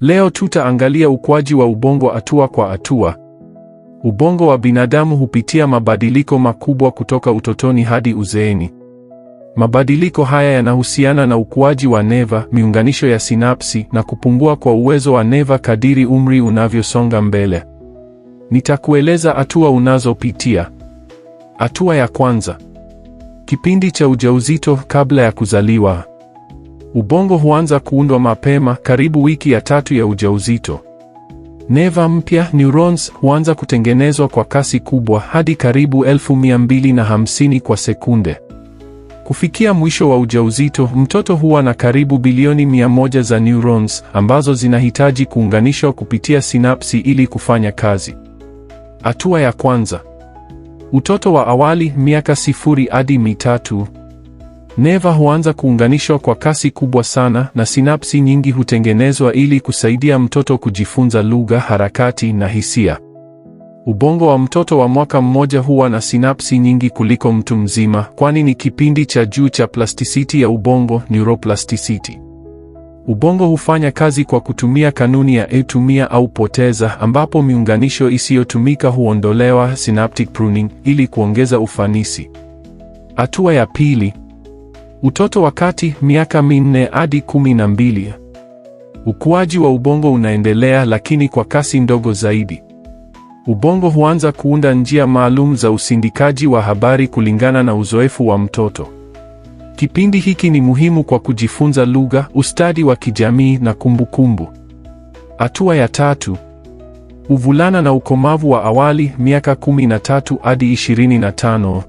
Leo tutaangalia ukuaji wa ubongo hatua kwa hatua. Ubongo wa binadamu hupitia mabadiliko makubwa kutoka utotoni hadi uzeeni. Mabadiliko haya yanahusiana na ukuaji wa neva, miunganisho ya sinapsi na kupungua kwa uwezo wa neva kadiri umri unavyosonga mbele. Nitakueleza hatua unazopitia. Hatua ya kwanza. Kipindi cha ujauzito kabla ya kuzaliwa. Ubongo huanza kuundwa mapema karibu wiki ya tatu ya ujauzito. Neva mpya neurons huanza kutengenezwa kwa kasi kubwa hadi karibu 1250 kwa sekunde. Kufikia mwisho wa ujauzito, mtoto huwa na karibu bilioni mia moja za neurons ambazo zinahitaji kuunganishwa kupitia sinapsi ili kufanya kazi. Hatua ya kwanza. Utoto wa awali miaka sifuri hadi mitatu. Neva huanza kuunganishwa kwa kasi kubwa sana na sinapsi nyingi hutengenezwa ili kusaidia mtoto kujifunza lugha, harakati na hisia. Ubongo wa mtoto wa mwaka mmoja huwa na sinapsi nyingi kuliko mtu mzima, kwani ni kipindi cha juu cha plasticity ya ubongo, neuroplasticity. Ubongo hufanya kazi kwa kutumia kanuni ya etumia au poteza, ambapo miunganisho isiyotumika huondolewa, synaptic pruning, ili kuongeza ufanisi. Hatua ya pili: utoto, wakati miaka minne hadi kumi na mbili. Ukuaji wa ubongo unaendelea, lakini kwa kasi ndogo zaidi. Ubongo huanza kuunda njia maalum za usindikaji wa habari kulingana na uzoefu wa mtoto. Kipindi hiki ni muhimu kwa kujifunza lugha, ustadi wa kijamii na kumbukumbu. Hatua ya tatu: uvulana na ukomavu wa awali, miaka 13 hadi 25.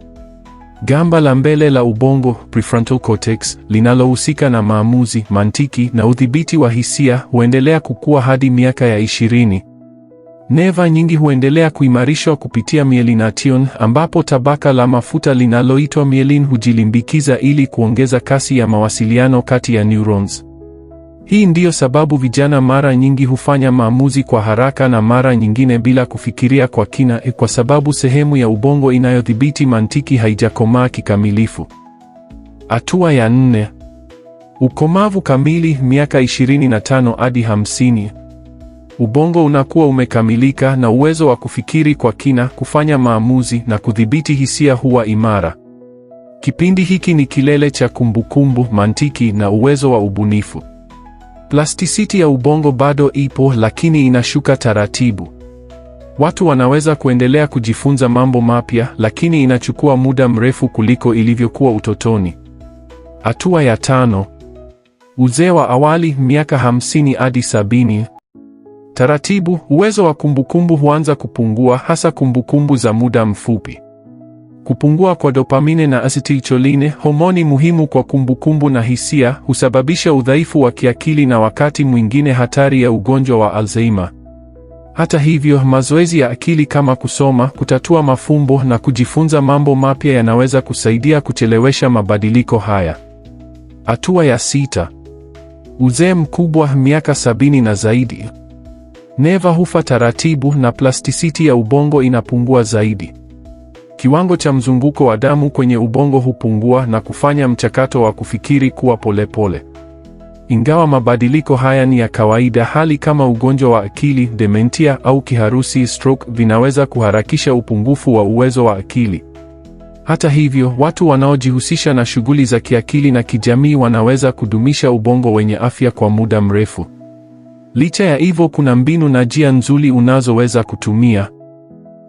Gamba la mbele la ubongo prefrontal cortex, linalohusika na maamuzi, mantiki na udhibiti wa hisia huendelea kukua hadi miaka ya 20. Neva nyingi huendelea kuimarishwa kupitia mielination, ambapo tabaka la mafuta linaloitwa mielin hujilimbikiza ili kuongeza kasi ya mawasiliano kati ya neurons. Hii ndiyo sababu vijana mara nyingi hufanya maamuzi kwa haraka na mara nyingine bila kufikiria kwa kina, eh, kwa sababu sehemu ya ubongo inayodhibiti mantiki haijakomaa kikamilifu. Hatua ya nne: ukomavu kamili, miaka 25 hadi 50. Ubongo unakuwa umekamilika na uwezo wa kufikiri kwa kina, kufanya maamuzi na kudhibiti hisia huwa imara. Kipindi hiki ni kilele cha kumbukumbu, mantiki na uwezo wa ubunifu. Plasticity ya ubongo bado ipo, lakini inashuka taratibu. Watu wanaweza kuendelea kujifunza mambo mapya, lakini inachukua muda mrefu kuliko ilivyokuwa utotoni. Hatua ya tano: uzee wa awali, miaka hamsini hadi sabini. Taratibu, uwezo wa kumbukumbu huanza kupungua, hasa kumbukumbu za muda mfupi. Kupungua kwa dopamine na acetylcholine, homoni muhimu kwa kumbukumbu na hisia, husababisha udhaifu wa kiakili na wakati mwingine hatari ya ugonjwa wa Alzheimer. Hata hivyo, mazoezi ya akili kama kusoma, kutatua mafumbo na kujifunza mambo mapya yanaweza kusaidia kuchelewesha mabadiliko haya. Hatua ya sita: uzee mkubwa, miaka sabini na zaidi neva hufa taratibu na plasticity ya ubongo inapungua zaidi. Kiwango cha mzunguko wa damu kwenye ubongo hupungua na kufanya mchakato wa kufikiri kuwa polepole pole. Ingawa mabadiliko haya ni ya kawaida, hali kama ugonjwa wa akili, dementia au kiharusi stroke vinaweza kuharakisha upungufu wa uwezo wa akili. Hata hivyo, watu wanaojihusisha na shughuli za kiakili na kijamii wanaweza kudumisha ubongo wenye afya kwa muda mrefu. Licha ya hivyo, kuna mbinu na njia nzuri unazoweza kutumia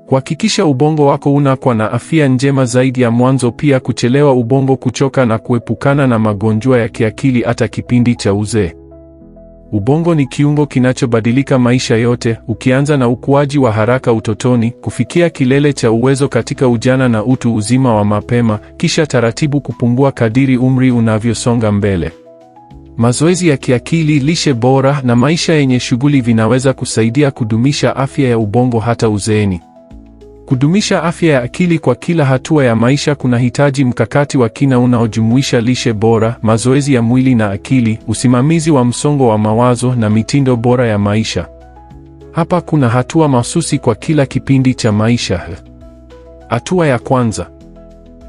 kuhakikisha ubongo wako unakuwa na afya njema zaidi ya mwanzo, pia kuchelewa ubongo kuchoka na kuepukana na magonjwa ya kiakili hata kipindi cha uzee. Ubongo ni kiungo kinachobadilika maisha yote, ukianza na ukuaji wa haraka utotoni, kufikia kilele cha uwezo katika ujana na utu uzima wa mapema, kisha taratibu kupungua kadiri umri unavyosonga mbele. Mazoezi ya kiakili, lishe bora na maisha yenye shughuli vinaweza kusaidia kudumisha afya ya ubongo hata uzeeni. Kudumisha afya ya akili kwa kila hatua ya maisha kunahitaji mkakati wa kina unaojumuisha lishe bora, mazoezi ya mwili na akili, usimamizi wa msongo wa mawazo na mitindo bora ya maisha. Hapa kuna hatua mahususi kwa kila kipindi cha maisha. Hatua ya kwanza: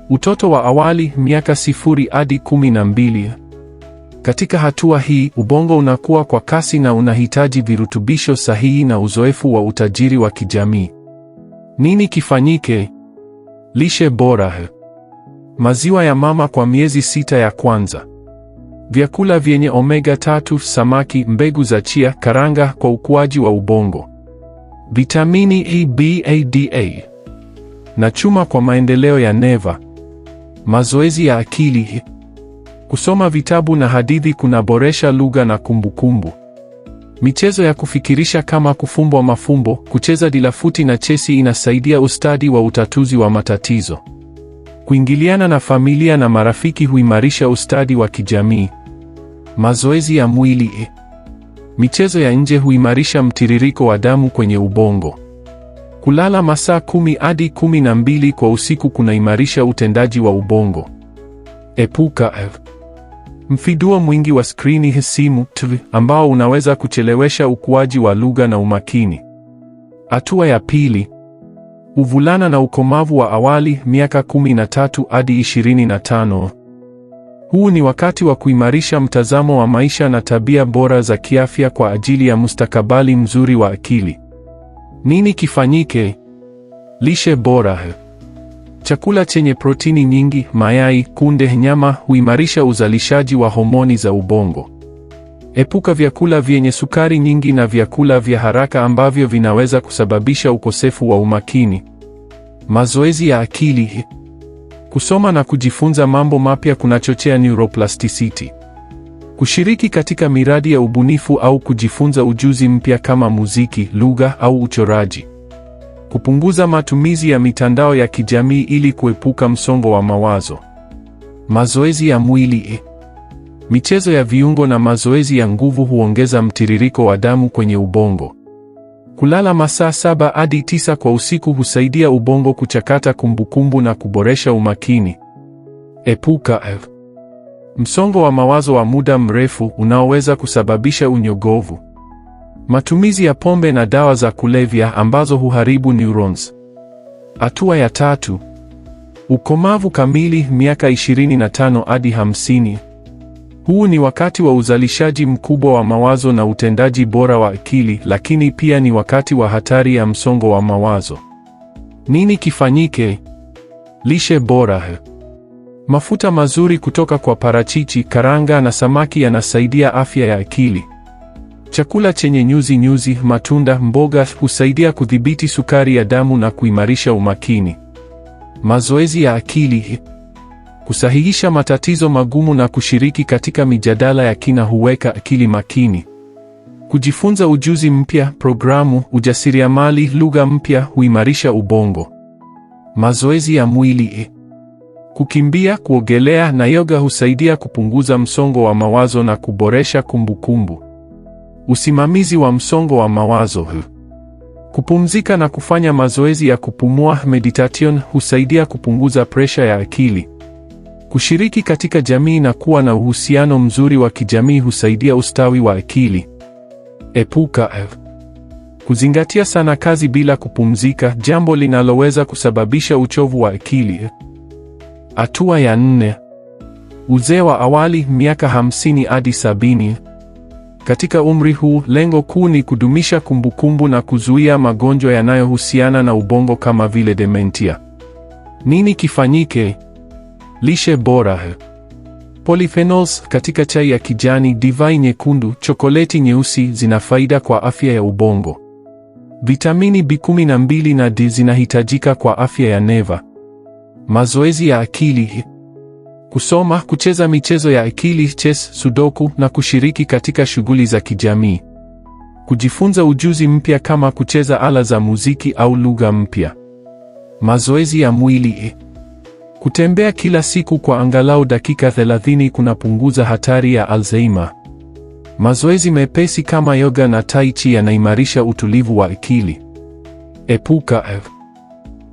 utoto wa awali, miaka sifuri hadi kumi na mbili. Katika hatua hii, ubongo unakuwa kwa kasi na unahitaji virutubisho sahihi na uzoefu wa utajiri wa kijamii. Nini kifanyike? Lishe bora. Maziwa ya mama kwa miezi sita ya kwanza. Vyakula vyenye omega 3, samaki, mbegu za chia, karanga kwa ukuaji wa ubongo. Vitamini E, B, A, D, A na chuma kwa maendeleo ya neva. Mazoezi ya akili. Kusoma vitabu na hadithi kunaboresha lugha na kumbukumbu. Michezo ya kufikirisha kama kufumbwa mafumbo, kucheza dilafuti na chesi inasaidia ustadi wa utatuzi wa matatizo. Kuingiliana na familia na marafiki huimarisha ustadi wa kijamii. Mazoezi ya mwili e. Michezo ya nje huimarisha mtiririko wa damu kwenye ubongo. Kulala masaa kumi hadi kumi na mbili kwa usiku kunaimarisha utendaji wa ubongo. Epuka eh. Mfiduo mwingi wa skrini hisimu TV ambao unaweza kuchelewesha ukuaji wa lugha na umakini. Hatua ya pili: uvulana na ukomavu wa awali, miaka 13 hadi 25. Huu ni wakati wa kuimarisha mtazamo wa maisha na tabia bora za kiafya kwa ajili ya mustakabali mzuri wa akili. Nini kifanyike? Lishe bora Chakula chenye protini nyingi, mayai, kunde, nyama huimarisha uzalishaji wa homoni za ubongo. Epuka vyakula vyenye sukari nyingi na vyakula vya haraka ambavyo vinaweza kusababisha ukosefu wa umakini. Mazoezi ya akili. Kusoma na kujifunza mambo mapya kunachochea neuroplasticity. Kushiriki katika miradi ya ubunifu au kujifunza ujuzi mpya kama muziki, lugha au uchoraji. Kupunguza matumizi ya mitandao ya kijamii ili kuepuka msongo wa mawazo. Mazoezi ya mwili e. Michezo ya viungo na mazoezi ya nguvu huongeza mtiririko wa damu kwenye ubongo. Kulala masaa saba hadi tisa kwa usiku husaidia ubongo kuchakata kumbukumbu na kuboresha umakini. Epuka F. Eh. Msongo wa mawazo wa muda mrefu unaoweza kusababisha unyogovu. Matumizi ya pombe na dawa za kulevya ambazo huharibu neurons. Hatua ya tatu: ukomavu kamili, miaka 25 hadi 50. Huu ni wakati wa uzalishaji mkubwa wa mawazo na utendaji bora wa akili, lakini pia ni wakati wa hatari ya msongo wa mawazo. Nini kifanyike? Lishe bora. Mafuta mazuri kutoka kwa parachichi, karanga na samaki yanasaidia afya ya akili. Chakula chenye nyuzi nyuzi, matunda, mboga husaidia kudhibiti sukari ya damu na kuimarisha umakini. Mazoezi ya akili kusahihisha matatizo magumu na kushiriki katika mijadala ya kina huweka akili makini. Kujifunza ujuzi mpya, programu, ujasiriamali, lugha mpya huimarisha ubongo. Mazoezi ya mwili kukimbia, kuogelea na yoga husaidia kupunguza msongo wa mawazo na kuboresha kumbukumbu. Usimamizi wa msongo wa mawazo. Kupumzika na kufanya mazoezi ya kupumua meditation husaidia kupunguza presha ya akili. Kushiriki katika jamii na kuwa na uhusiano mzuri wa kijamii husaidia ustawi wa akili. Epuka eh, kuzingatia sana kazi bila kupumzika, jambo linaloweza kusababisha uchovu wa akili. Hatua ya nne: uzee wa awali, miaka 50 hadi 70. Katika umri huu, lengo kuu ni kudumisha kumbukumbu na kuzuia magonjwa yanayohusiana na ubongo kama vile dementia. Nini kifanyike? Lishe bora. Polyphenols katika chai ya kijani, divai nyekundu, chokoleti nyeusi zina faida kwa afya ya ubongo. Vitamini B12 na D zinahitajika kwa afya ya neva. Mazoezi ya akili kusoma, kucheza michezo ya akili chess, sudoku na kushiriki katika shughuli za kijamii. Kujifunza ujuzi mpya kama kucheza ala za muziki au lugha mpya. Mazoezi ya mwili. Eh. Kutembea kila siku kwa angalau dakika 30 kunapunguza hatari ya Alzheimer. Mazoezi mepesi kama yoga na tai chi yanaimarisha utulivu wa akili. Epuka eh.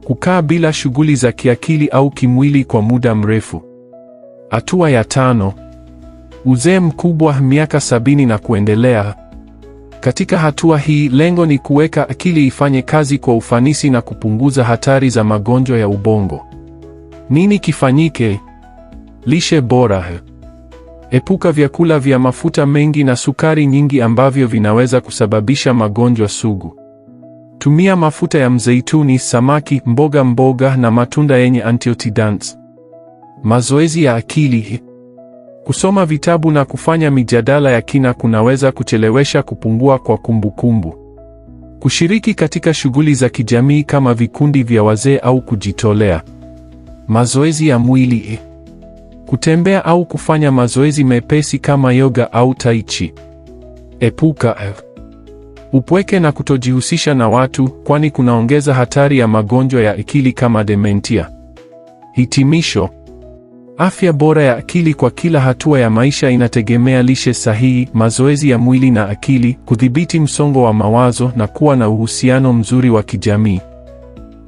kukaa bila shughuli za kiakili au kimwili kwa muda mrefu. Hatua ya tano: uzee mkubwa, miaka sabini na kuendelea. Katika hatua hii, lengo ni kuweka akili ifanye kazi kwa ufanisi na kupunguza hatari za magonjwa ya ubongo. Nini kifanyike? Lishe bora. Epuka vyakula vya mafuta mengi na sukari nyingi ambavyo vinaweza kusababisha magonjwa sugu. Tumia mafuta ya mzeituni, samaki, mboga mboga na matunda yenye antioxidants. Mazoezi ya akili. Kusoma vitabu na kufanya mijadala ya kina kunaweza kuchelewesha kupungua kwa kumbukumbu kumbu. Kushiriki katika shughuli za kijamii kama vikundi vya wazee au kujitolea. Mazoezi ya mwili. Kutembea au kufanya mazoezi mepesi kama yoga au tai chi. Epuka upweke na kutojihusisha na watu, kwani kunaongeza hatari ya magonjwa ya akili kama dementia. Hitimisho. Afya bora ya akili kwa kila hatua ya maisha inategemea lishe sahihi, mazoezi ya mwili na akili, kudhibiti msongo wa mawazo na kuwa na uhusiano mzuri wa kijamii.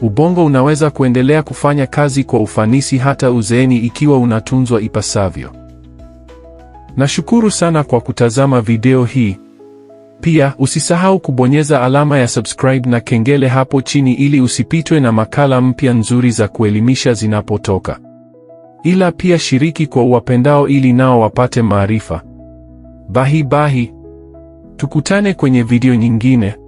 Ubongo unaweza kuendelea kufanya kazi kwa ufanisi hata uzeeni ikiwa unatunzwa ipasavyo. Nashukuru sana kwa kutazama video hii. Pia usisahau kubonyeza alama ya subscribe na kengele hapo chini ili usipitwe na makala mpya nzuri za kuelimisha zinapotoka ila pia shiriki kwa uwapendao ili nao wapate maarifa. Bahi bahi. Tukutane kwenye video nyingine.